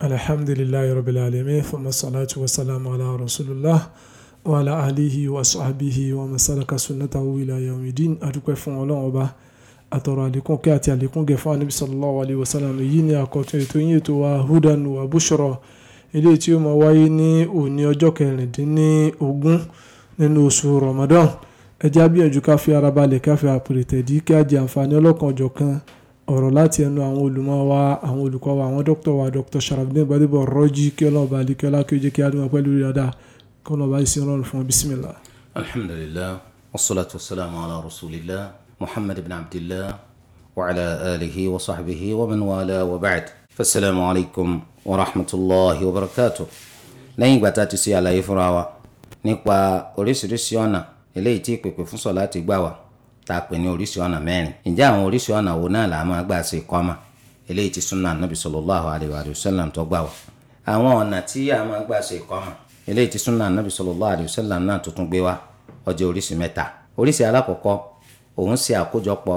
alhamdulilayi rabbil alamin fama salatu wa salamu ala rasulillah wa ala alihi wa sahbihi wa masalaka sunnatahu ila yawmidin adúpẹ́ fún Ọlọ́run ọba àtọ̀rọ̀ àlékún kí àti àlékún gẹ̀ fún anabi sallallahu alayhi wa sallam èyí ni àkọ́tún ètò yín ètò wa hudan wa bushra ilé tí ó máa wáyé ní òní ọjọ́ kẹrìndínlógún nínú oṣù ramadan ẹjẹ́ àbíyànjú ká fi ara balẹ̀ ká fi àpèrè tẹ̀dí ká jẹ àǹfààní ọlọ́kan ọ̀jọ̀kan ọ̀rọ̀ láti ẹnu àwọn olùmọ̀ wa àwọn olùkọ́ wa àwọn dókítà wa dr sharafdin gbadebo rọ́jí kí ọlọ́ọ̀bá alikẹ́lá kí ó jẹ́ kí á dúnmọ̀ pẹ̀lú rí dáadáa kí ọlọ́ọ̀bá yìí sí ọlọ́run fún bisimilá. alhamdulilah wasalaatu wasalaamu ala rasulillah muhammad ibn abdillah wa ala alihi wa sahbihi wa man wala wa ba'd fasalaamu alaykum wa rahmatulahi wa barakatu. lẹ́yìn ìgbà tá a ti ṣe àlàyé fúnra wa nípa oríṣiríṣi ọ̀nà eléyìí tí ìpèpè tá a pè ní oríṣi ọ̀nà mẹ́rin ǹjẹ́ àwọn oríṣi ọ̀nà wo náà làá máa gbà ṣe ìkọ́mà eléyìí ti súnà nàbì sallallahu alayhi wa sallam tó gbà wá àwọn ọ̀nà tí a máa gbà ṣe ìkọ́mà eléyìí ti súnà nàbì sallallahu alayhi wa sallam náà tuntun gbé wá ó jẹ́ oríṣi mẹ́ta oríṣi alákọ̀ọ́kọ́ òun ṣe àkójọpọ̀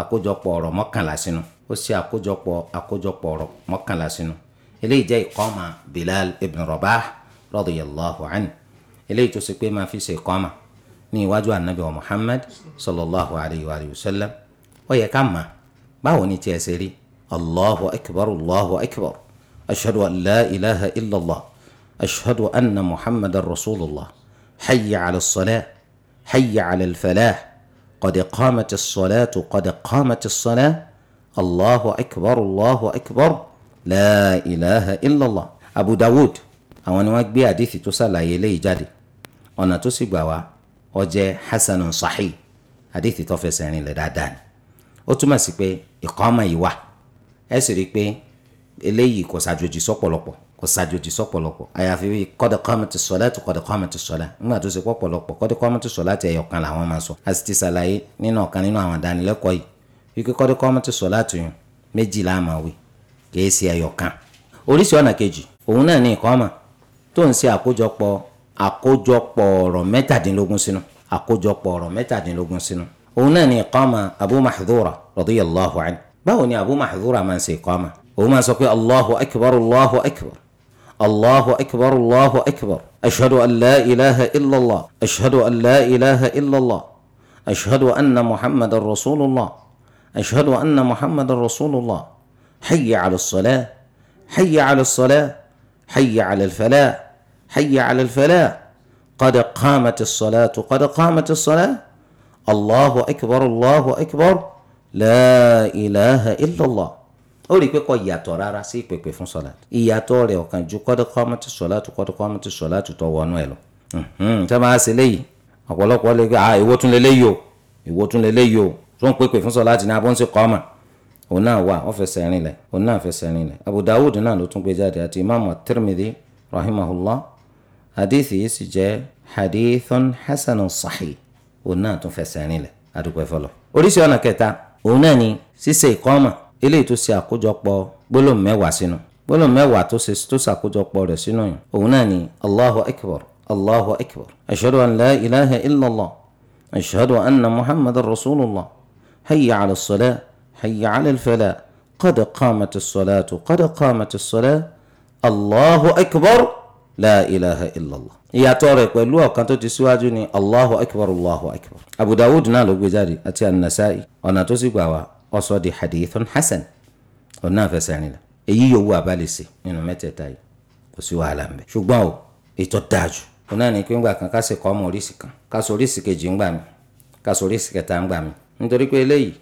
àkójọpọ̀ ọ̀rọ̀ mọ́kànlá sínú ó ṣe àkójọpọ̀ àkójọpọ̀ ní iwájú anabi wa muhammad sallallahu alayhi wa sallam ó yẹ ká mà báwo ni tiẹ̀ ṣe rí allahu akbar allahu akbar ashadu an la ilaha illallah ashadu anna muhammadan rasulillah hayya ala salah hayya ala falah qad qamati salatu qad qamati salah allahu akbar allahu akbar la ilaha illallah abu dawud àwọn ni wọ́n gbé àdìsí tó sàlàyé léyìí jáde ọ̀nà tó sì gbà wá ó jẹ́ hasanun sahih hadithi tó fẹsẹ̀ rìn lẹ̀ dáadáa ni ó túmọ̀ sí pé ìkọ́mọ̀ yìí wà ẹ sì rí i pé eléyìí kò ṣàjòjì sọ́pọ̀lọpọ̀ kò ṣàjòjì sọ́pọ̀lọpọ̀ àyàfi qad qamati ssalatu qad qamati ssalat nígbà tó ṣe pọ̀pọ̀lọpọ̀ qad qamati ssalati ẹ̀yọ̀kan làwọn máa sọ a sì ti ṣàlàyé nínú ọ̀kan nínú àwọn ìdánilẹ́kọ̀ọ́ yìí wípé qad qamati ssalatu yìí méjì la máa wí kì í ṣe oríṣi ọ̀nà kejì òun náà ní ìkọ́mọ̀ tó ń ṣe àkójọpọ̀ àkójọpọ̀ ọ̀rọ̀ mẹ́tàdínlógún sínú àkójọpọ̀ ọ̀rọ̀ mẹ́tàdínlógún sínú òun náà ni ìkọ́mà abu mahdura radiyallahu anhu báwo ni abu mahdura máa ń ṣe ìkọ́mà òun máa sọ pé allahu akbar allahu akbar allahu akbar allahu akbar ashhadu an la ilaha illallah ashhadu an la ilaha illallah ashhadu anna muhammadan rasulullah ashhadu anna muhammadan rasulullah hayya ala salah hayya ala salah hayya ala falah. حي على الفلاح قد قامت الصلاة قد قامت الصلاة الله أكبر الله أكبر لا إله إلا الله ó rí i pé kò yàtọ̀ rárá sí ìpèpè fún sọ̀lá ìyàtọ̀ rẹ̀ ọ̀kan ju qad qamati ssolatu qad qamati ssolatu tó wọnú ẹ̀ lọ. tẹ́ máa ṣe léyìí ọ̀pọ̀lọpọ̀ lè gbé ah ìwọ tún lè léyìí o ìwọ tún lè léyìí o tó ń pèpè fún sọ̀lá ti ní abọ́nsẹ̀ kọ́mà òun náà wà ó fẹsẹ̀ rìn lẹ̀ òun náà fẹsẹ̀ rìn lẹ̀ Abu Dawud náà ló tún gbé jáde àti Imam At-Tirmidhi rahimahullah حديث يسجى حديث حسن صحيح ونا تفسان له ادو كفلو اوريسي انا كتا اوناني سي سي الي تو سي اكو بولو ميوا سينو بولو ميوا تو سي تو سا اكو جوبو اوناني الله اكبر الله اكبر اشهد ان لا اله الا الله اشهد ان محمد رسول الله حي على الصلاه حي على الفلاح قد قامت الصلاه قد قامت الصلاه الله اكبر la ilaha illallah. ìyàtọ̀ rẹ̀ pẹ̀lú ọ̀kan tó ti síwájú ni allahu akbar allahu akbar. abu dawud náà ló gbé jáde àti anasai ọ̀nà tó sì gbà wá ọ̀sọ́ di hadithun hasan ọ̀nà àfẹsẹ̀rìnlá èyí yòówù àbálẹ̀sẹ̀ nínú mẹ́tẹ̀ẹ̀ta yìí kò sí wàhálà ń bẹ̀. ṣùgbọ́n o ètò dájú ọ̀nà ni pé ńgbà kan ká sì kọ́ ọmọ oríṣi kan ká so oríṣi kejì ńgbà mi ká oríṣi kẹta ńgbà mi nítorí pé eléyìí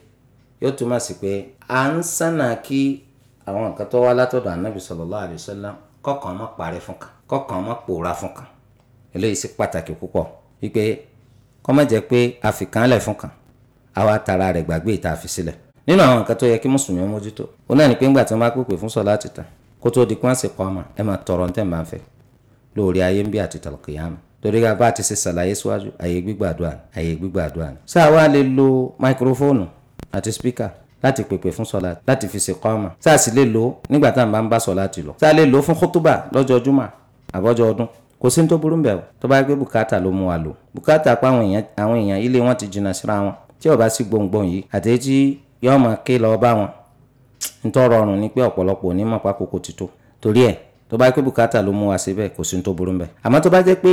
yóò túmọ̀ sí pé à ń sànà kí àwọn nǹkan tó wá látọ̀dọ̀ ànábì sallallahu alaihi wasallam kọ̀ọ̀kan má parẹ́ fún kan kọkàn mọ́ pòórá fún kan eléyìí sì pàtàkì púpọ̀ wípé kó má jẹ́ pé a fi kan lẹ̀ fún kan àwa tara rẹ̀ gbàgbé ìta fi sílẹ̀ nínú àwọn nǹkan tó yẹ kí mùsùlùmí mójútó ó náà ní pé ńgbà tí wọ́n bá pèpè fún sọ láti tàn kó tó di pé wọ́n sì kọ́ ọmọ ẹ máa tọrọ tẹ̀ máa ń fẹ́ lórí ayé ń bí àti tàlùkìyàmù torí bá ti ṣe ṣàlàyé síwájú àyè gbígbàdúrà àyè gbígbàdúrà ni. sáà wá lè lo máikrófóònù àti spíkà láti pèpè fún sọlá láti fi ṣe kọ́ ọmọ sáà sì lè lo nígbà tá bá ń bá sọlá ti lọ sáà lè lo fún kótóbà lọ́jọ́ júmọ̀ àbọ́jọ ọdún kò sí ní tó burú bẹ́ẹ̀ o tó bá yẹ pé bùkátà ló mú wa lò bùkátà pa àwọn èèyàn àwọn èèyàn ilé wọn ti jìnnà síra wọn tí ó bá sí gbòǹgbòǹ yìí àti tí yóò máa ké lọ bá wọn ntọ́rọrùn ni pé ọ̀pọ̀lọpọ̀ onímọ̀ pákókò ti tó torí ẹ̀ tó bá yẹ pé ló mú wa síbẹ̀ kò sí ní tó burú bẹ́ẹ̀ àmọ́ tó bá jẹ́ pé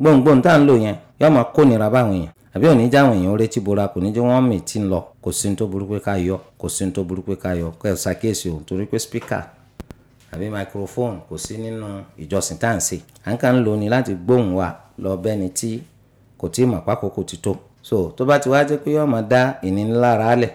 gbòǹgbòǹ tá ń lò yẹn yóò máa kó nira báwọn èèyàn àbí òní jáwọn èèyàn retí bora kò ní jẹ́ wọ́n mì tí ń lọ kò sí ní tó burú pé ká yọ kò sí ní tó burú pé ká yọ kẹ́ ẹ̀ ṣàkíyèsí o torí pé spíkà àbí microphone kò sí nínú ìjọsìn tá à ń ṣe à ń kàn ń lò ní láti gbóhùn wa lọ bẹ́ni tí kò tí mọ̀ pákòkò ti tó so tó bá ti wá jẹ́ pé yọ́ọ́ máa dá ìnílára lẹ̀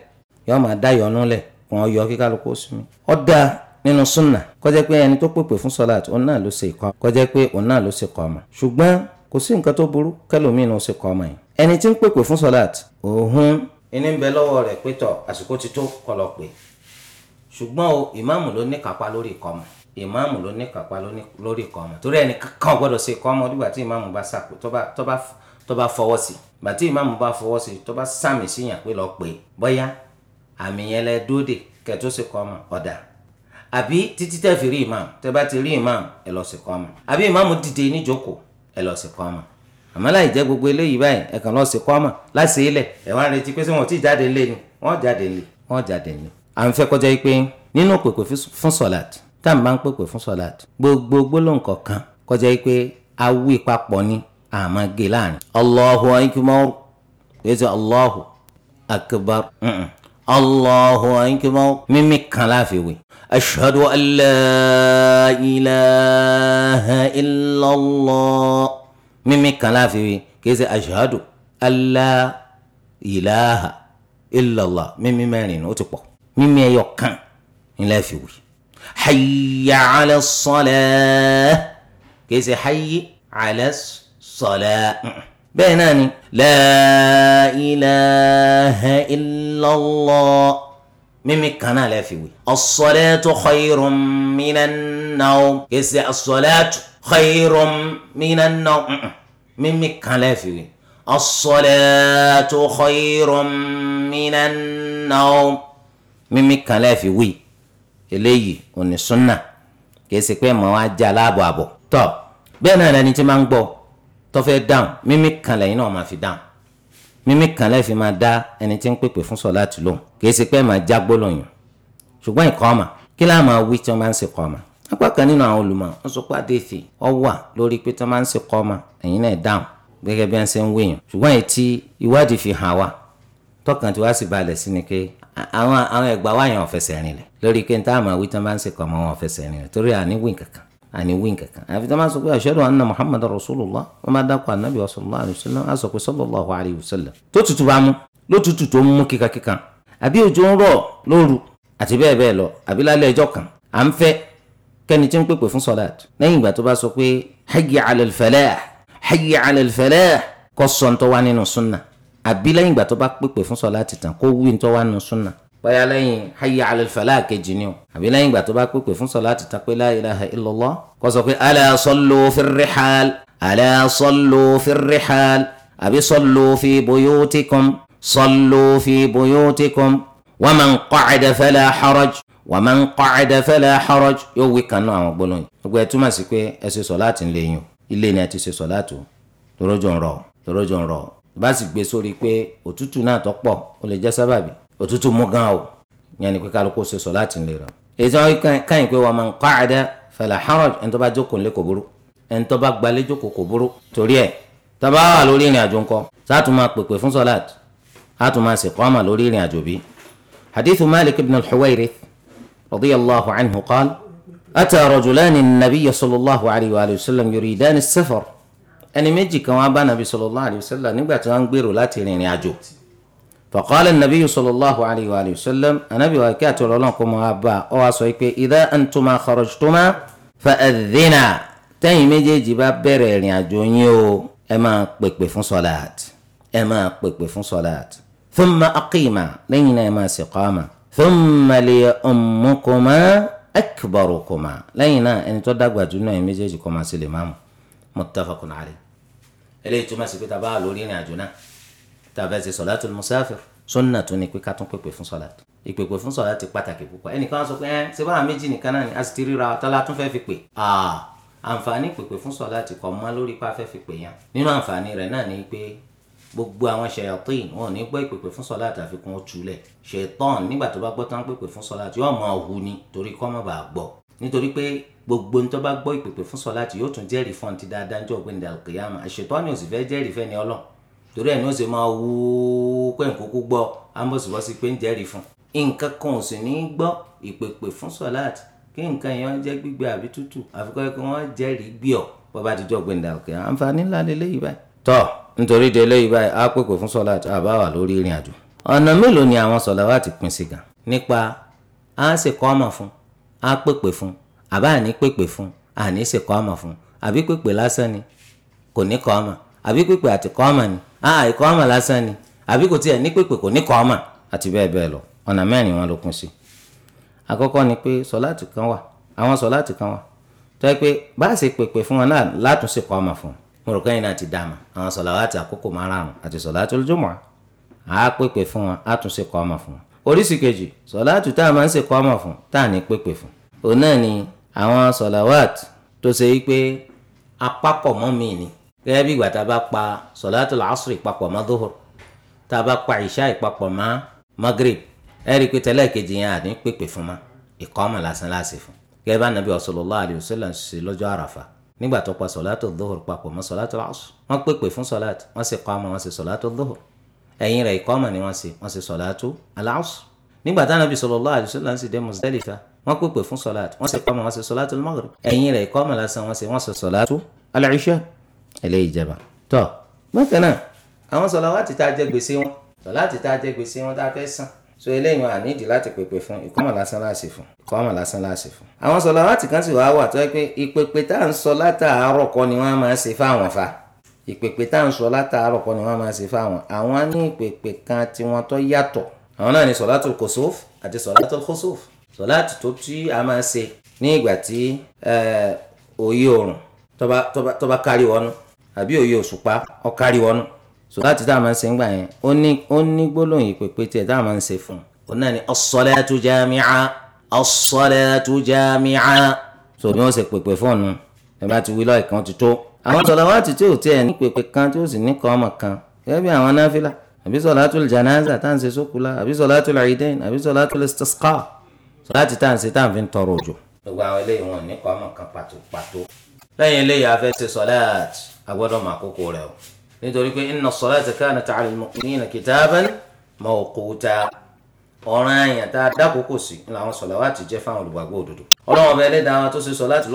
yọ́ọ́ máa dá yọnu lẹ̀ kàn yọ kí kálukú sinmi ó dáa nínú súnà kọjá pé ẹni tó pèpè fún sọláàtì òun náà ló ṣe ìkọ kọjá pé òun náà ló ṣe kọ ọmọ ṣùgbọ́n kò sí nǹkan tó burú kẹlòmíín ló ṣe kọ ọmọ yìí ẹni tí ń pèpè fún sọláàtì òun ìní ń bẹ lọ́wọ́ rẹ̀ pé tọ̀ àsìkò ti tó kọlọ̀ pé ṣùgbọ́n o ìmáàmù ló ní kápá lórí ìkọ́mọ ìmáàmù ló ní kápá lórí ìkọ́mọ torí ẹni kankan gbọ́dọ̀ ṣe ìkọ́mọ nígbà tí ìmáàmù bá sàpò tó bá fọwọ́ sí gbà tí ìmáàmù bá fọwọ́ sí tó bá sàmì síyàn pé lọ pé bóyá àmì yẹn lẹ dóde kẹtó ṣe kọ́mọ ọ̀dà àbí títí tẹ́ fi rí ìmáàmù tẹ́ bá ti rí ìmáàmù ẹ lọ sí kọ́mọ àbí ìmáàmù dìde níjókòó ẹ lọ sí kọ́mọ àmọ́ láì jẹ́ gbogbo eléyìí báyìí ẹ kàn lọ sí kọ́mọ láti ilẹ̀ ẹ̀ wá retí pé sẹ́ wọn ò tí jáde lé ni wọ́n jáde lé wọ́n jáde lé à ń fẹ́ kọjá yìí pé nínú pèpè fún sọ̀làt tá à ń bá ń pèpè fún sọ̀làt gbogbo gbólóhùn kọ̀ọ̀kan kọjá yìí pé awí papọ̀ ni àmọ́ gé láàrin. allahu akbar yéésù allahu akbar allahu akbar mímí kan láfiwé. ashhadu an la ilaha illallah mímí kan láfiwé kìí ashhadu an la ilaha mímí mẹ́rin ó ti pọ̀. مما يوقع إلا فيوي حي على الصلاة كيس حي على الصلاة بيناني لا إله إلا الله من كان لا فيوي الصلاة خير من النوم كيس الصلاة خير من النوم من كان لا فيوي الصلاة خير من النوم mímí kan lẹ́ẹ̀fi wí eléyìí òní súnà kìí ṣe pé màá wá já láàbọ̀ àbọ̀ tọ́ bẹ́ẹ̀ náà lẹni tí máa ń gbọ́ tó fẹ́ dáhùn mímí kan lẹ́yìn náà máa fi dáhùn mímí kan lẹ́ẹ̀fi máa dá ẹni tí ń pèpè fún sọ láti lóhùn kìí ṣe pé màá já gbólóyìn ṣùgbọ́n ìkọ́ ọmọ kí láà máa wí tí wọ́n máa ń ṣe kọ́ ọmọ apá kan nínú àwọn olùmọ̀ wọ́n sọ pé àdéhìí ọ wà lórí pé tí máa ń ṣe kọ́ ọmọ ẹ̀yin náà dáhùn gẹ́gẹ́ bí wọ́n ṣe ń wéyàn ṣùgbọ́n èyí ìwádìí fi hàn wá tọkàn tí wá sì balẹ̀ sí ni pé àwọn àwọn ẹgbà wa yẹn ọ̀fẹsẹ̀ rinlẹ̀ lórí pé níta àmọ́ wí tán bá ń ṣe kọ́ ọmọ wọn ọ̀fẹsẹ̀ rinlẹ̀ torí àní wí kankan àní wí kankan àfi tán bá sọ pé ashadu anna muhammad rasulullah wọn bá dákọ̀ anabi wa sallallahu alayhi wa sallam á sọ pé sallallahu alayhi wa sallam tó tutù bá mú ló tutù tó mú kíkankíkan àbí òjò ń rọ̀ lóru àti bẹ́ẹ̀ bẹ́ẹ̀ lọ àbí lálẹ́ ẹjọ́ kan à ń fẹ́ kẹ́ni tí ń pèpè fún sọ́láàt lẹ́yìn ìgbà tó bá sọ pé hayya ala al falah hayya ala kọ́ sọ́ńtọ́ wá nínú sunnah àbí lẹ́yìn ìgbà tó bá pèpè fún sọlá tìtàn kó wí ní tó wà nù súnà bóyá lẹ́yìn hayya ala al-falah kejì ni o àbí lẹ́yìn ìgbà tó bá pèpè fún sọlá tìtàn pé la ilaha illallah kó sọ pé ala sallu fi rihal ala sallu fi rihal àbí sallu fi buyutikum sallu fi buyutikum wa man qa'ada fala haraj wa man qa'ada fala haraj yóò wí kanú àwọn gbólóhùn gbogbo ẹ̀ bá sì gbé sórí pé òtútù náà tó pọ̀ ó lè jẹ́ sábàbí òtútù mú gan o yẹn ni pé kálukú ṣe sọ láti lè rà. ètò káyìn pé wa man qa'ada fala haraj ẹni tó bá jókòó nílé kò burú ẹni tó bá gbalé jókòó kò burú torí ẹ̀ tó bá wà lórí ìrìn àjò ńkọ́ sátún máa pèpè fún sọ́láàtì sátún máa sì kọ́mà lórí ìrìn àjò bí. hadithu malik ibn al-huwayrith radiyallahu anhu qaal ata rajulani nabiyya sallallahu alayhi wa sallam yuridani as-safar ẹni méjì kan wá bá nàbí sallallahu alayhi wa sallam nígbà tí wọ́n ń gbèrò láti rìnrìn àjò faqala nàbí sallallahu alayhi wa sallam ànábì wa kí àtọ̀rọ̀ ọlọ́run kó mọ́ wá bá ọ wá sọ pé idha antuma kharajtuma fa adhina tẹ́yìn méjèèjì bá bẹ̀rẹ̀ ìrìn àjò yín o ẹ máa pèpè fún sọláàt ẹ máa pèpè fún sọláàt thumma aqima lẹ́yìn náà ẹ máa sì qama thumma li ummukuma akbarukuma lẹ́yìn náà ẹni tó dàgbà jù náà ẹ méjèèjì kọ́ máa sì lè máa mú muttafaqun alayhi. eléyìí túmọ̀ sí pé tá a bá wà lórí ìrìn àjò náà tá a fẹ́ ṣe sọ̀látù musafir sunna tún ni pé ká tún pèpè fún sọ̀látù ìpèpè fún sọ̀látù pàtàkì púpọ̀ ẹnìkan sọ pé ẹ ṣe báwa méjì nìkan náà ni a sì ti ríra tọ́lá tún fẹ́ fi pè àǹfààní pèpè fún sọ̀látù kọ̀ mọ́ lórí pa fẹ́ fi pè yẹn nínú àǹfààní rẹ̀ náà ni pé gbogbo àwọn ṣèyàtìn wọn ò ní gbọ́ ìpèpè fún sọ́lá àtàfikún ojúlẹ̀ ṣètọ́n nígbà tó bá gbọ́ tán pèpè fún sọ́lá tí yóò mọ òhu ni torí kọ́ mọ̀ bá gbọ́ nítorí pé gbogbo ní tó bá gbọ́ ìpèpè fún sọláàtì yóò tún jẹ́rìí fún ti dáadáa ní ọ̀gbìn ìdàlù kìyàmù àṣetọ́ ni òsì fẹ́ jẹ́rìí fẹ́ ni ọlọ́ torí ẹ̀ ní ó sì máa wú pé nkókó gbọ́ ambosibosi pé ń jẹ́rìí fún. nǹkan kan ò sì ní í gbọ́ ìpèpè fún sọláàtì kí nǹkan yẹn jẹ́ gbígbẹ àbí tútù àfikọ́ ẹ̀ kí ni àwọn sọ̀làwátì pín sí gan nípa á sì kọ́ ọmọ fún á pèpè fún àbá àní pèpè fún àní sèkọ ọmọ fún àbí pèpè lásán ni kò ní kọ ọmọ àbí pèpè àti kọ ọmọ ni àà ìkọ ọmọ lásán ni àbí kò tiẹ̀ ní pèpè kò ní kọ ọmọ àti bẹ́ẹ̀ bẹ́ẹ̀ lọ ọ̀nà mẹ́rin wọn ló kún sí. àkọ́kọ́ ni pé sọ̀láàtì kan wà àwọn sọ̀láàtì kan wà tó yẹ pé bá a ṣe pèpè fún wọn náà látúnṣe kọ ọmọ fún mo rò kẹ́yìn náà ti dààmú àwọn sọ̀láàtì àkókò márùn-ún àti sọ̀láàtì olójúmọ́ à á pèpè fún wọn àtúnṣe kọ ọmọ fún wọn oríṣi kejì òun náà ni àwọn sọ̀làwàt tó ṣe yí pé apapọ̀ mọ́ mi ni gẹ́gẹ́ bí ìgbà tá a bá pa sọ̀làtò làásùrì papọ̀ mọ́ dóhùr tá a bá pa ìṣá ìpapọ̀ mọ́ magrib ẹ rí i pé tẹ́lẹ̀ yẹn àdín pèpè fún ma ìkọ́mọ̀ lásán láàṣẹ fún gẹ́gẹ́ bá nàbí sallallahu alaihi wasallam ṣe lọ́jọ́ àràfà nígbà tó pa sọ̀làtò dóhùr papọ̀ mọ́ sọ̀làtò làásù wọ́n pèpè fún sọ̀làt wọ́n sì kọ́mọ̀ wọ́n sì sọ̀làtò dóhùr wọ́n pèpè fún sọ̀láàtù wọ́n sì kọ́ ọmọ wọn sì sọ̀láàtù al-maghrib ẹ̀yìn rẹ̀ kọ́ ọmọ lásán wọn sì wọ́n sì sọ̀láàtù al-isha eléyìí jẹba. tọ́ bákan náà àwọn sọ̀láàtì tá a jẹ gbèsè wọn sọ̀láàtì tá a jẹ gbèsè wọn tá a fẹ́ san so eléyìí wọn àníjì láti pèpè fún ìkọ́mọ̀ lásán láàṣì fún ìkọ́mọ̀ lásán láàṣì fún. àwọn sọ̀láàtì kan sì wá wà tó yẹ pé ìpèpè tá à ń sọ látàárọ̀ kọ́ ni wọ́n máa ṣe fáwọn fa ìpèpè tá à ń sọ látàárọ̀ kọ́ ni wọ́n máa ṣe fáwọn àwọn ní ìpèpè kan tiwọn tó yàtọ̀ àwọn náà ni sọ̀látùl kusuf àti sọ̀látùl khusuf sọláàtì tó tí a máa ṣe ní ìgbà tí eh, òye òrùn tó bá kárí wọnú àbí òye òṣùpá ó kárí wọnú sọláàtì tá a máa ṣe ńgbà yẹn ó ní gbólóhùn ìpèpè tiẹ̀ tá a máa ń ṣe fún un òun náà ni as-salatu jami'a as-salatu jami'a sọ bí wọ́n ṣe pèpè fóònù ẹ bá ti wí lọ́ọ̀ kan ti tó. àwọn sọláwàtì tí ò tiẹ̀ ní pèpè kan tí ó sì ní kọ́ ọmọ kan gẹ́gẹ́ bí àwọn tá à ń ṣe sókùlà àbí sọláàtù al-idain àbí sọláàtù al-istisqa láti tá à ń ṣe tá à ń fi ń tọrọ òjò. gbogbo àwọn eléyìí wọn nípa ọmọ kan pàtó pàtó. lẹ́yìn eléyìí afẹ́ ṣe sọ́láàtì agbọ́dọ̀ mọ àkókò rẹ̀ o nítorí pé inna as-salata kanat 'ala al-mu'minina kitaban mawquta ọ̀ràn àyàn tá a dákòókò sí làwọn sọ̀làwátì jẹ́ fáwọn olùgbàgbọ́ òdodo. ọlọ́run ọba ẹlẹ́dàá wa tó ṣe sọ̀láàtì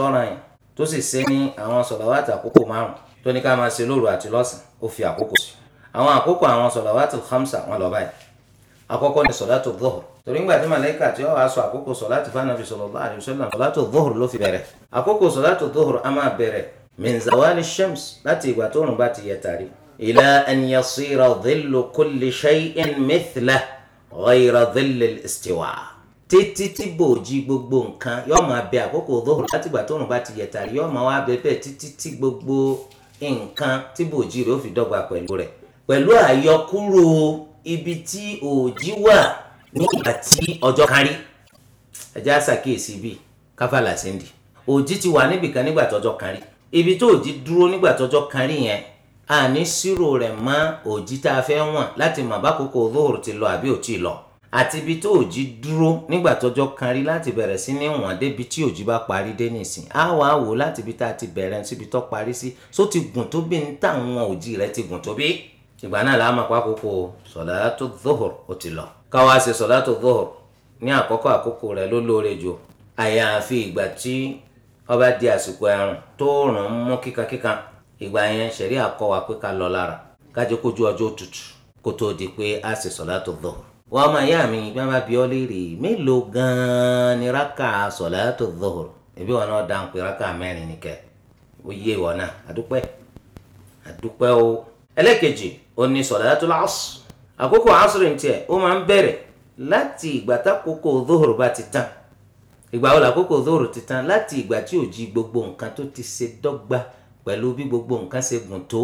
àkọ́kọ́ ni sọ̀látù dhuhr torí ńgbà tí màlẹ́kà tí ó wàá sọ àkókò sọ̀látù fanabi sallallahu alayhi wa sallam sọ̀látù dhuhr ló fi bẹ̀rẹ̀ àkókò sọ̀látù dhuhr a máa bẹ̀rẹ̀ min zawali shams láti ìgbà tó rùn bá ti yẹ tàrí. ila an yasira dhillu kulli shay'in mithlahu ghayra dhilli al-istiwa títí tí bòójì gbogbo nǹkan yóò máa bẹ àkókò dhuhr láti ìgbà tó rùn bá ti yẹ tàrí yóò máa wá bẹ bẹ́ẹ̀ títí tí gbogbo nǹkan tí ibi tí òòjì wà ní ìgbà tí ọjọ́ kárí ẹ̀já ṣàkíyèsí bíi káfàlà sí ń di òòjì ti wà níbìkan nígbà tọ́jọ́ kárí ibi tó òòjì dúró nígbà tọ́jọ́ kárí yẹn àní sírò rẹ̀ mọ́ òòjì tá a fẹ́ wọ̀n láti mọ̀ bá kókó lóhùrù ti lọ àbí ò tí ì lọ àti ibi tó òjì dúró nígbà tọ́jọ́ kárí láti bẹ̀rẹ̀ sí ní wọn débi tí òjì bá parí dé nìsín á wà á wò láti ibi tá a ti bẹ̀rẹ̀ síbi tó parí sí só ti gùn tó bí ní táwọn òjì rẹ̀ ti gùn tó bí ìgbà náà la máa pa àkókò sọ̀látò dọ́hùr ó ti lọ. káwa ṣe sọ̀látò dọ́hùr ní àkọ́kọ́ àkókò rẹ̀ ló lóore jù àyàfi ìgbà tí ó bá di àsìkò ẹ̀rùn tó rùn ún mú kíkankíkan ìgbà yẹn ṣẹ̀rí àkọ́ wa pé ká lọ lára kájọ kójú ọjọ́ tutù kó tó di pé a ṣe sọ̀látò dọ́hùr. wọ́n máa yá mi bí wọ́n bá bi ọ́ léèrè mélòó gan-an ni rákà sọ̀látò dọ́hùr ẹbí wọn náà dáhùn pé rákà mẹ́rin nìkẹ́ ó yé wọn náà àdúpẹ́ àdúpẹ́ o. ẹlẹ́kejì òní sọ̀látul asr àkókò asr ní tiẹ̀ ó máa ń bẹ̀rẹ̀ láti ìgbà tákòókò dóhùrù bá ti tán ìgbà wo làkókò dóhùrù ti tán láti ìgbà tí gbogbo nǹkan tó ti ṣe dọ́gba pẹ̀lú bí gbogbo nǹkan ṣe gùn tó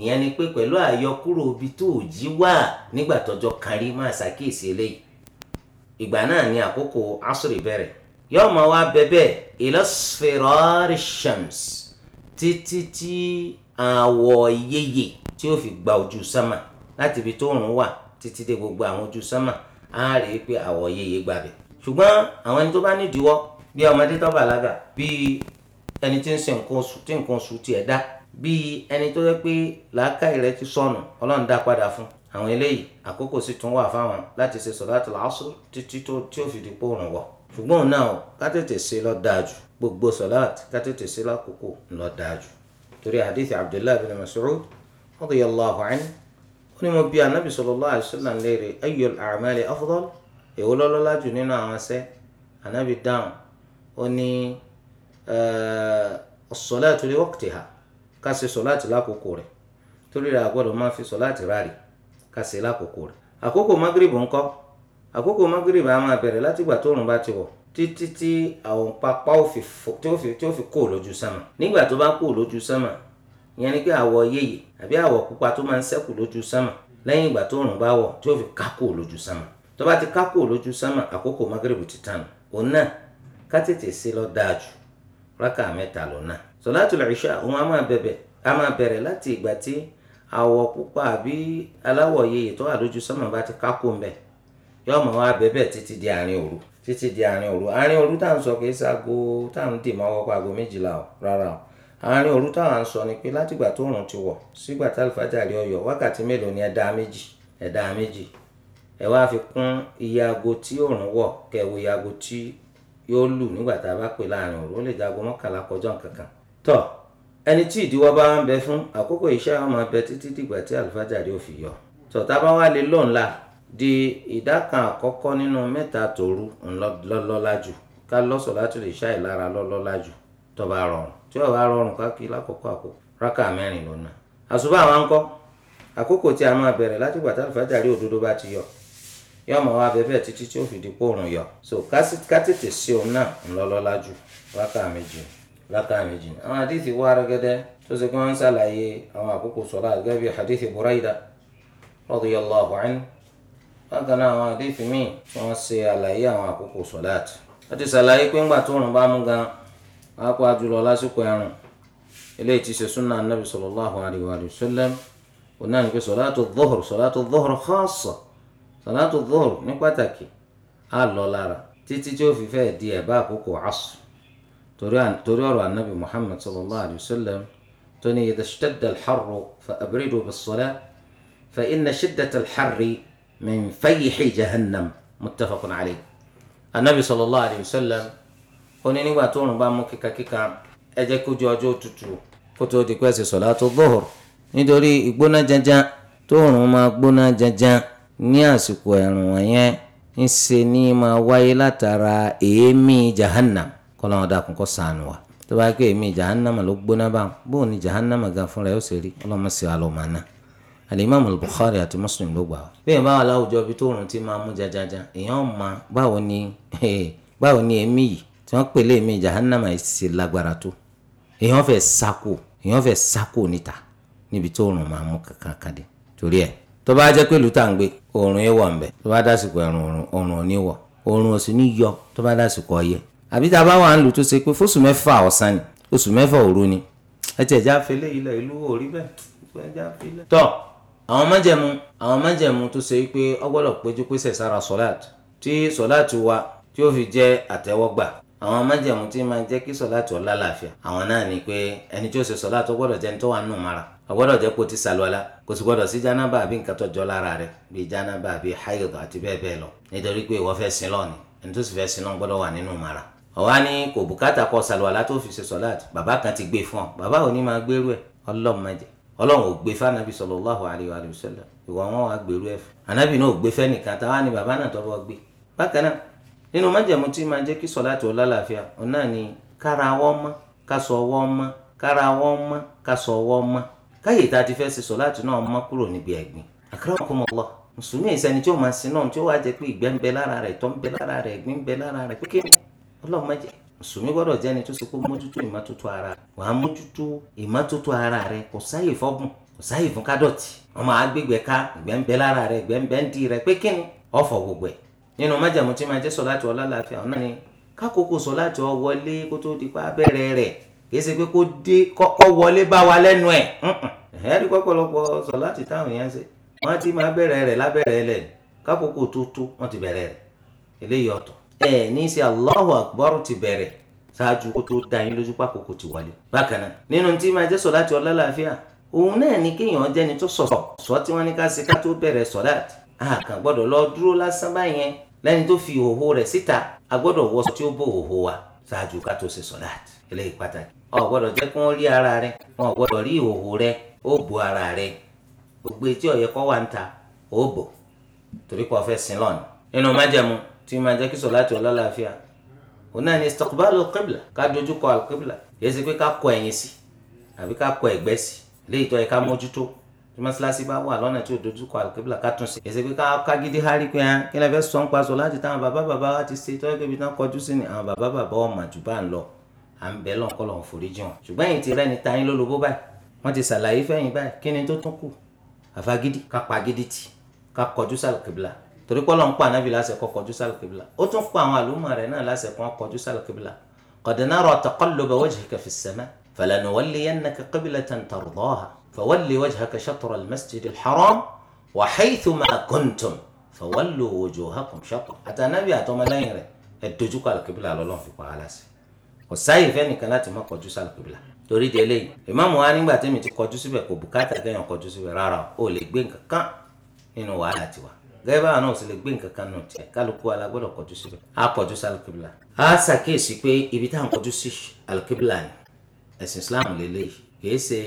ìyẹn ni pé pẹ̀lú àyọkúrò obi tó òjì wà nígbà tọ́jọ́ kan rí máa ṣàkíyèsí eléyìí ni àkókò bẹ̀rẹ̀ títí tí tí ó fi gba ojú sánmà láti ibi tó rùn wà títí dé gbogbo àwọn ojú sánmà á rí i pé àwọ̀ yeye gbàbẹ̀. ṣùgbọ́n àwọn ẹni tó bá nídìíwọ́ bí ọmọdé tó bàlágà bí ẹni tí ń ṣe nǹkan oṣù tí nǹkan oṣù tiẹ̀ dá bí ẹni tó yẹ pé làákàyè rẹ ti sọnù ọlọ́run dá padà fún àwọn eléyìí àkókò sì tún wà fáwọn láti ṣe sọ̀láàtì làásù títí tí ó fi di pòrùn wọ̀ ṣùgbọ́n náà ká tètè ṣe lọ dáa jù gbogbo sọ̀láàtì ká tètè ṣe lákòókò lọ dáa jù torí hadith abdullahi bin mas'ud radiyallahu anhu ó ní mo bi anabi sallallahu alaihi wasallam léèrè ayyul a'mali afdal èwo lọ́lọ́lá jù nínú àwọn sẹ́ anabi dáhùn ó ní as-salatu li waqtiha ká ṣe sọ̀láàtì lákòókò rẹ̀ torí rẹ̀ àgbọ̀dọ̀ máa fi sọ̀láàtì ráàlì ká ṣe lákòókò rẹ̀ àkókò magrebu ńkọ́ àkókò magrebu a máa bẹ̀rẹ̀ látìgbà tóòrùn bá ti wọ̀ títí tí àwọn pápá tí ó fi kó lójú sánmà nígbà tó bá kó lójú sánmà ìyẹn ni pé àwọ̀ yéye àbí àwọ̀ pupa tó máa ń ṣẹ́kù lójú sánmà lẹ́yìn ìgbà tó òrùn bá wọ̀ tí ó fi kákò lójú sánmà tó bá ti kákò lójú sánmà àkókò magreb ti tàn òun náà ká tètè ṣe lọ dáa jù rákà mẹ́ta lọ náà sọláàtù ìṣá òun á máa bẹ̀bẹ̀ á máa bẹ̀rẹ̀ láti ìgbà tí àwọ̀ pupa àbí aláwọ̀ yéye tó wà lójú sánmà bá ti kákò ń bẹ̀ yóò máa wá bẹ̀bẹ̀ títí di àárín òru títí di àárín òru àárín òru táwọn sọ kì í ṣaago táwọn dì mọ́wọ́ pa aago méjìlá rárá o àárín òru táwọn sọ ni pé látìgbà tó rùn ti wọ̀ sígbà tá àlùfájàrí ọyọ wákàtí mélòó ni ẹ̀dá méjì ẹ̀dá méjì ẹ wá fi kún iye aago tí òòrùn wọ̀ kẹwo iye aago tí yóò lù nígbà tá a bá pè láàrin òru ó lè jago mọ́kànlá kọjọ́ nǹkankan. tọ́ ẹni tí ìdíwọ́ bá ń bẹ fún àkókò iṣẹ́ wọn máa bẹ títí dìgbà tí àlùfájàrí ò fi yọ. tọ́tà bá wá lè lóńlá di ìdá kan àkọ́kọ́ nínú mẹ́ta tòru ńlọ́lọ́lá jù ká lọ́sọ̀ láti lè ṣáì lára lọ́lọ́lá tọba rọrùn tí ọba rọrùn káàkiri lákòókò àkókò rákà mẹ́rin lónà àṣùbà àwọn ńkọ́ àkókò tí a máa bẹ̀rẹ̀ láti gbà táwọn fàjàrí òdodo ti yọ yọ ma wá bebe títí tí ó fi di pòrùn yọ so ká tètè sí òun náà ńlọlọlá ju rákà méjì rákà méjì àwọn àdìsí wá rẹ́gẹ́dẹ́ tó ṣe kí ń ṣàlàyé àwọn àkókò àdìsí Buraida أقوى جل الله سبحانه إليه تيسي سنة النبي صلى الله عليه وآله وسلم ونحن نقول صلاة الظهر صلاة الظهر خاصة صلاة الظهر نقاتك الله لارا تيتي جو في فيه دي أباك عصر تريد عن النبي محمد صلى الله عليه وسلم تني إذا اشتد الحر فأبردوا بالصلاة فإن شدة الحر من فيح جهنم متفق عليه النبي صلى الله عليه وسلم ó ní nígbà tó òrùn bá mú kíkankíka ẹ jẹ́ kójú ọjọ́ tutù kó tó di pé ẹ ṣe sọ̀látù zuhur nítorí ìgbóná janjan tó òrùn máa gbóná janjan ní àsìkò ẹ̀rùn wọ̀nyẹn ńṣe ní máa wáyé látara èémí jahannam kọ́láwọn dàkún kó ṣàánú wa tó bá pé èémí jahannam ló gbóná bá bóun ni jahannam gan fúnra yóò ṣe rí ọlọ́mọ sí alọ́mọ́ná alimami al-Bukhari àti Muslim ló gbà wá. bẹ́ẹ̀ báwo láwùjọ ibi tó òrùn ti máa mú jajaja èèyàn máa báwo ni báwo ni èémí yìí tí wọ́n pèlè mí jahannama yìí ṣe lágbára tó èèyàn fẹ́ sáko èèyàn fẹ́ sáko níta níbi tó òrùn máa mú kankan kan dé torí ẹ̀ tó bá jẹ́ pé lùtà ń gbé òrùn yìí wọ̀ ń bẹ̀ tó bá dásìkò ẹ̀rùn òrùn òní wọ̀ òrùn òsì ní yọ tó bá dásìkò ọyẹ àbí tá a bá wà ń lù tó ṣe pé fóṣù mẹ́fà ọ̀sán ni oṣù mẹ́fà òru ni ẹ tiẹ̀ já fele ilẹ̀ ìlú òrí bẹ́ẹ̀ ẹ já fele. tọ́ àwọn májẹ̀mú àwọn májẹ̀mú tó ṣe pé ọgbọ́dọ̀ péjú pésẹ̀ sára sọ́láàtì tí sọ́láàtì wa tí ó fi jẹ́ àtẹ́wọ́gbà àwọn májẹ̀mú tí máa jẹ́ kí sọ̀láàtì ó lálàáfíà àwọn náà ni pé ẹni tí ó ṣe sọ̀láàtì ó gbọ́dọ̀ jẹ́ ní tó wà nù mara ó gbọ́dọ̀ jẹ́ kó ti sàlùwalá kò sì gbọ́dọ̀ sí jánábà àbí nǹkan tó jọ lára rẹ̀ bíi jánábà àbí hayd àti bẹ́ẹ̀ bẹ́ẹ̀ lọ nítorí pé ìwọ fẹ́ sin lọ́ọ̀ni ẹni tó sì fẹ́ sin náà gbọ́dọ̀ wà nínú mara ọ̀wá ni kò bùkátà kó sàlùwalá tó fi nínú májẹ̀mú tí máa jẹ́ kí sọ̀láàtì ó lálàáfíà òun náà ni kára ọwọ́ mọ́ ká sọ ọwọ́ mọ́ kára ọwọ́ mọ́ ká sọ ọwọ́ mọ́ káyè tá a ti fẹ́ ṣe sọ̀láàtì náà mọ́ kúrò níbi ẹ̀gbin akramakumullah mùsùlùmí ìsẹni tí ó máa sin náà tí ó wá jẹ́ pé ìgbẹ́ ń bẹ lára rẹ̀ tọ́ ń bẹ lára rẹ̀ ẹ̀gbin ń bẹ lára rẹ̀ pé kéwìn ọlọ́mọ jẹ́ mùsùlùmí gbọ́dọ̀ jẹ́ ẹni tó ṣe kó mójútó ìmọ́tótó ara wàá mójútó ìmọ́tótó ara rẹ̀ kò sáyè fọ́gùn kò sáyè fún kádọ̀tì ọmọ agbègbè ká ìgbẹ́ ń bẹ lára rẹ̀ ìgbẹ́ ń bẹ ń di rẹ̀ pé kíni ọ̀fọ̀ gbogbo ẹ̀ nínú májàmú tí máa jẹ́ sọ̀láàtì ọ lálàáfíà ọ̀nà ni kákòókò sọ̀láàtì ọ wọlé kó tó di pa abẹ́rẹ́ rẹ̀ kì í ṣe pé kó dé kọ́kọ́ wọlé bá wa lẹ́nu ẹ̀ ẹ̀ẹ́dì pọ̀pọ̀lọpọ̀ sọ̀láàtì táwọn èèyàn ṣe wọ́n ti máa bẹ̀rẹ̀ rẹ̀ lábẹ́rẹ́ lẹ̀ kákòókò tó tó wọ́n ti bẹ̀rẹ̀ rẹ̀ eléyìí ọ̀tọ̀ ẹ̀ ní í ṣe Allahu Akbar ti bẹ̀rẹ̀ ṣáájú kó tó da yín lójú pákòókò ti wọlé bákan náà nínú tí máa jẹ́ sọ̀láàtì ọ lálàáfíà òun náà ní kéèyàn jẹ́ni tó sọ̀sọ̀ sọ tí wọ́n ní ká ṣe ká tó bẹ̀rẹ̀ sọ̀láàtì àkàn gbọ́dọ̀ lọ dúró lásán báyẹn lẹ́ni tó fi òhò rẹ̀ síta a gbọ́dọ̀ wọṣọ tí ó bò òhò wa ṣáájú ká tó ṣe sọ̀láàtì eléyìí pàtàkì ọ̀ gbọ́dọ̀ jẹ́ kí wọ́n rí ara rẹ wọn ò gbọ́dọ̀ rí òhò rẹ ó bo ara rẹ gbogbo etí ọ̀yẹ́ kọ́ wà ń ta ó bò torí kò fẹ́ sin lọ́nà nínú májẹ̀mú tí máa jẹ́ kí sọ̀láàtì ọlọ́láàfíà òun náà ni istaqbalu al ká dojú kọ al-qibla yẹ bí mọ́sálásí bá wà lọ́nà tí ò dojúkọ àlùkébìlà ká tún sí. èsì pé ká gidi hárí pé hàn kí lè fẹ́ sọ ń pa sọ láti táwọn bàbá bàbá wa ti ṣe tọ́jú ibi tán kọjú sí ni àwọn bàbá bàbá ọmọ jù bá ń lọ à ń bẹ lọ́nkọ́ lọ́n forí jìn wọn. ṣùgbọ́n èyí ti rẹ́ ni tayín lólobó báyìí wọ́n ti ṣàlàyé fẹ́yìn báyìí kí ni tó tún kù àfagídí ká pa gidi ká kọjú sàlùkébìlà torí pé Ọlọ́run pa فول وجهك شطر المسجد الحرام وحيثما كنتم فولوا وجوهكم شطر حتى النبي àtọmọlẹ́yìn rẹ̀ ẹ dojú kọ àlùkìbìlà lọ́lọ́run fi pa á láṣẹ kò sáyè fẹ́nìkan láti má kọjú sí àlùkìbìlà torí de eléyìí ìmáàmù wa nígbà tẹ́mi ti kọjú síbẹ̀ kò bùkátà kẹ́yàn kọjú síbẹ̀ rárá o lè gbé nǹkan kan nínú wàhálà tiwa gẹ́gẹ́ báwa náà ò sì lè gbé nǹkan kan nù tiẹ̀ kálukú alágbọ́dọ̀ kọjú síbẹ̀ á kọjú sí àlùkìbìlà á ṣàkíyèsí pé ibi táwọn kọjú sí àlùkìbìlà ni ẹ̀sìn Islam lélẹ́yìí kì í ṣe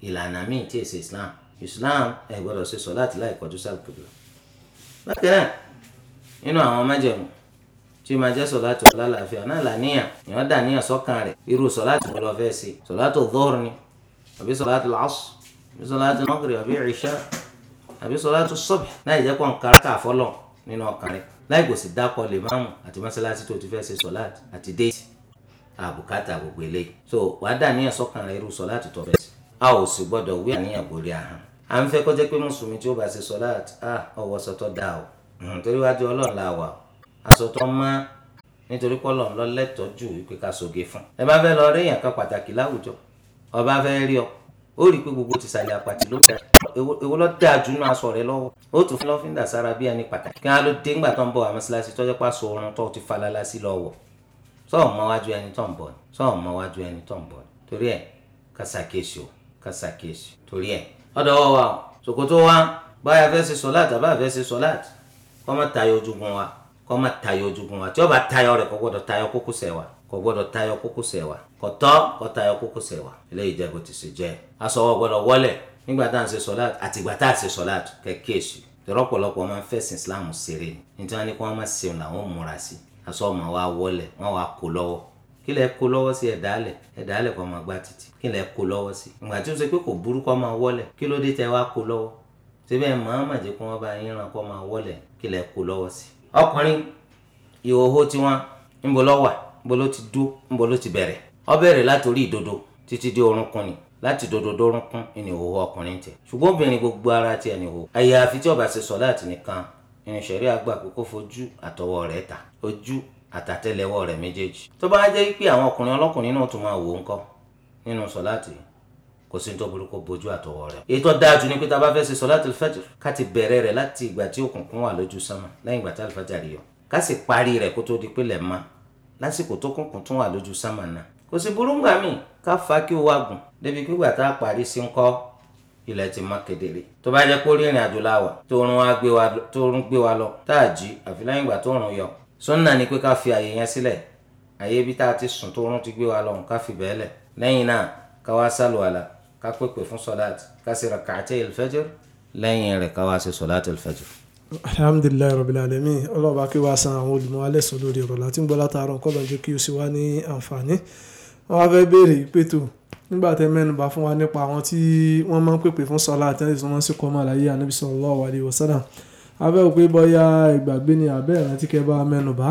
ìlànà míì tí èsì islam islam ẹ gbọ́dọ̀ ṣe sọ láti láì kọjú sálùkùbìlà bákan náà nínú àwọn májẹ̀mú tí máa jẹ́ sọ̀láàtì ọ̀làlàáfíà náà làníyàn èèyàn dà níyàn sọ́kàn rẹ̀ irú sọ̀láàtì wọn lọ fẹ́ sí sọ̀láàtì dhuhr ni àbí sọ̀láàtì al-asr àbí sọ̀láàtì maghrib àbí ìṣá àbí sọ̀láàtì subh láì jẹ́ pọ̀n káràkà fọlọ̀ nínú ọkàn rẹ̀ láì kò sì dákọ̀ lè máàmù àti mọ́sálásí tó ti fẹ́ ṣe sọ̀láàtì àti déètì àbùkátà gbogbo eléyìí so wàá dà níyàn sọ́kàn rẹ̀ irú sọ̀láàtì tó a ò sì gbọ́dọ̀ wí àníyàn borí ahọ́n à ń fẹ́ kọjá pé mùsùlùmí tí ó bá ṣe sọlá à ọwọ́ sọtọ́ dá o torí wájú ọlọ́run la wà àsọtọ́ má nítorí pọ́lọ̀ ń lọ lẹ́tọ̀ọ́ jù wípé ká soge fún. ẹ bá fẹ́ lọ rí èèyàn kan pàtàkì láwùjọ ọba fẹ́ rí ọ ó rí i pé gbogbo ti sàlẹ̀ àpàtì ló bẹ̀rẹ̀ èwo ló dáa jù nínú aṣọ rẹ lọ́wọ́ ó tún fún lọ́fíńdà sára bí ẹni pàtàkì kí á ló dé ńgbà tó ń bọ̀ àmọ́ síláṣí tọ́jọ́ pàṣọ oorun tó ti falala sí lọ́wọ́ sọ̀rọ̀ mọ́wájú ẹni tó ń bọ̀ sọ̀rọ̀ mọ́wájú ẹni tó ń bọ̀ torí ẹ̀ ká o ká ṣàkíyèsí torí ẹ̀ ọ̀dọ̀ wọ̀ wá ṣòkòtò wa báyà fẹ́ ṣe sọ́láàtì àbáyà fẹ́ ṣe sọ́láàtì kó má tayọ ojúgun wa kó má tayọ ojúgun wa tí ó bá tayọ rẹ̀ kò gbọ́dọ̀ tayọ kókósẹ̀ wa kò gbọ́dọ̀ tayọ kókósẹ̀ wa kò tọ́ kó tayọ kókósẹ̀ wa eléyìí jẹ́ bó ti ṣe jẹ́ aṣọ wa gbọ́dọ̀ wọlẹ̀ nígbà tá à ń ṣe sọ́láàtì àtìgbà tá à ṣe sọ́láàtì kẹ́kẹ́sì tọ́rọ̀pọ̀lọpọ̀ máa ń fẹ̀sìn Islam ṣeré ní tí wọ́n ní kí wọ́n má ṣeun làwọn múra kí lẹ kó lọ́wọ́ sí ẹ̀dálẹ̀ ẹ̀dálẹ̀ kọ́ máa gba títì kí lẹ kó lọ́wọ́ sí. ìgbà tí ó ṣe pé kò burú kọ́ máa wọlẹ̀ kí ló dé tẹ wá kó lọ́wọ́ síbẹ̀ màmá jẹ́ kó wọ́n bá yín ràn kọ́ máa wọlẹ̀ kí lẹ kó lọ́wọ́ sí. ọkùnrin ìhòòhò tiwọn ńbo ló wà ńbo ló ti dó ńbo ló ti bẹ̀rẹ̀ ó bẹ̀rẹ̀ látòrí ìdodo títí dé orúnkún ni láti dodo dórúnkún ni ìhòòhò ọkùnrin tẹ ṣùgbọ́n obìnrin gbogbo ara tiẹ̀ ni ìhòòhò àyàfi tí ó bá ṣe sọ láti nìkan ìrìnsẹ̀rí àgbà pé kó fojú àtọwọ́ rẹ̀ ta ojú àtàtẹ́lẹwọ́ rẹ̀ méjèèjì tó bá jẹ́ pé àwọn ọkùnrin ọlọ́kùnrin náà tún máa wò ń kọ́ nínú sọ̀láàtì kò sí tó burúkú bójú àtọwọ́ rẹ̀ èyí tó ni pé tá a bá fẹ́ ṣe sọ̀láàtì fẹ́tù ká ti bẹ̀rẹ̀ rẹ̀ láti ìgbà tí òkùnkùn wà lójú sánmà lẹ́yìn ìgbà tí àlùfáàjà rí yọ ká sì parí rẹ̀ kó tó di pé lẹ̀ ma lásìkò tó kùnkùn tún wà lójú sánmà náà kò sí burúkú mi ká fa kí o wá gùn débi pé gbà parí sí ń kọ́ ilẹ̀ ti má kedere tó bá jẹ́ pé rí ìrìn àjò láwà tó rún gbé wa lọ tá a jí àfi lẹ́yìn ìgbà tó rún yọ sunna ni pé ká fi àyè yẹn sílẹ̀ àyè ibi tá a ti sùn tó rún ti gbé wa lọ́hùn ká fi bẹ́ẹ̀ lẹ̀ lẹ́yìn náà ká wá sálùwàlà ká pèpè fún sọláàt ká sì rak'atay al-fajr lẹ́yìn rẹ̀ ká wá sí sọláàt al-fajr. alhamdulilayi rabbil alamin ọlọ́ba kí wàá san àwọn olùmọ̀ alẹ́ sọ lórí ọ̀rọ̀ láti ń gbọ́ látàárọ̀ kọ́ lọ́jọ́ kí o sì wá ní àǹfààní wọ́n wá fẹ́ béèrè ìpètò nígbà tẹ mẹ́nubà fún wa nípa àwọn tí wọ́n máa ń pèpè fún sọláàt tẹ́lẹ̀ tí sì kọ́ mọ́ àlàyé ànábì sallallahu alaihi wasallam abẹ́ òpé bọ́yá ìgbàgbé ni àbẹ́ ìrántí kẹ́ bá mẹ́nubà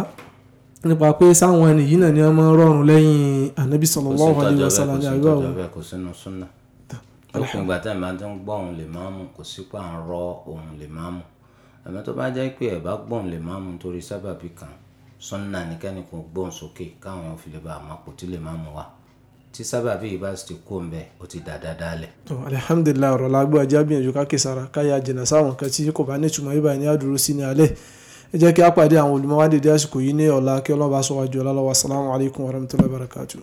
nípa pé sáwọn ẹni yìí náà ni wọ́n máa ń rọrùn lẹ́yìn ànábì sallallahu alaihi wasallam ní àgbà wọn. kò sínú súnà lópin ìgbà tá ìmáà tó ń gbọ́ òun lè máa mú kò sí pa ń rọ òun lè máa mú àmọ́ tó bá jẹ́ pé ẹ̀ bá gbọ́ òun lè máa mú torí sábàbí kan súnà nìkẹ́ni kò gbóhùn sókè káwọn fi lè bá àmọ́ kò tí lè máa mú wa tí sábàbí yìí bá ti kó mbẹ ó ti dà dáadáa lẹ. alihamdulilayi ọ̀rọ̀ la gbọ́ ajá gbìyànjú ká kẹsàrà káyà jìnnà sáwọn kan tí kò bá nítumọ̀ yìí báyìí ní àdúró sí ní alẹ́ ẹ jẹ́ kí á pàdé àwọn olùmọ̀wádìí dé àsìkò yìí ní ọ̀la kí ọlọ́ba sọ wájú ọlọ́wà sàlámù alaykum wa rahmatulahi wa barakatuh.